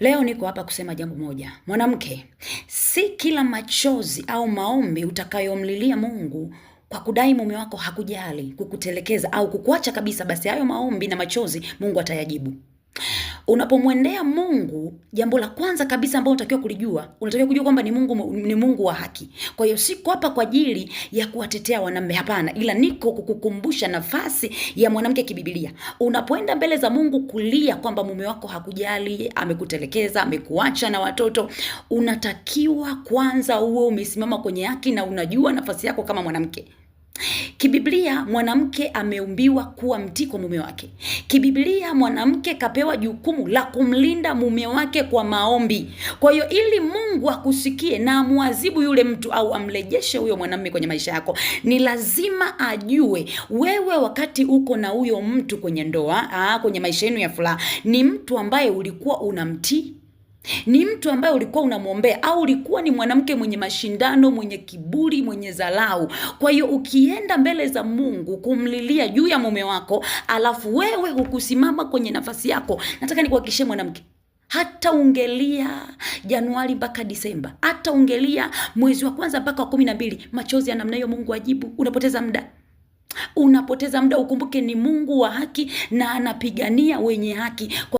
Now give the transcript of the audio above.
Leo niko hapa kusema jambo moja. Mwanamke, si kila machozi au maombi utakayomlilia Mungu kwa kudai mume wako hakujali, kukutelekeza au kukuacha kabisa, basi hayo maombi na machozi Mungu atayajibu. Unapomwendea Mungu, jambo la kwanza kabisa ambalo unatakiwa kulijua, unatakiwa kujua kwamba ni Mungu ni Mungu wa haki. Kwa hiyo siko hapa kwa ajili ya kuwatetea wanaume, hapana, ila niko kukukumbusha nafasi ya mwanamke kibibilia. Unapoenda mbele za Mungu kulia kwamba mume wako hakujali, amekutelekeza, amekuacha na watoto, unatakiwa kwanza uwe umesimama kwenye haki na unajua nafasi yako kama mwanamke. Kibiblia mwanamke ameumbiwa kuwa mtii kwa mume wake. Kibiblia mwanamke kapewa jukumu la kumlinda mume wake kwa maombi. Kwa hiyo ili Mungu akusikie na amwadhibu yule mtu au amrejeshe huyo mwanamume kwenye maisha yako, ni lazima ajue wewe wakati uko na huyo mtu kwenye ndoa, aa, kwenye maisha yenu ya furaha, ni mtu ambaye ulikuwa unamtii ni mtu ambaye ulikuwa unamwombea au ulikuwa ni mwanamke mwenye mashindano, mwenye kiburi, mwenye zalau Kwa hiyo ukienda mbele za Mungu kumlilia juu ya mume wako, alafu wewe hukusimama kwenye nafasi yako, nataka nikuhakikishie mwanamke hata ungelia Januari mpaka Disemba, hata ungelia mwezi wa kwanza mpaka wa kumi na mbili, machozi ya namna hiyo Mungu ajibu. Unapoteza muda, unapoteza muda. Ukumbuke ni Mungu wa haki na anapigania wenye haki.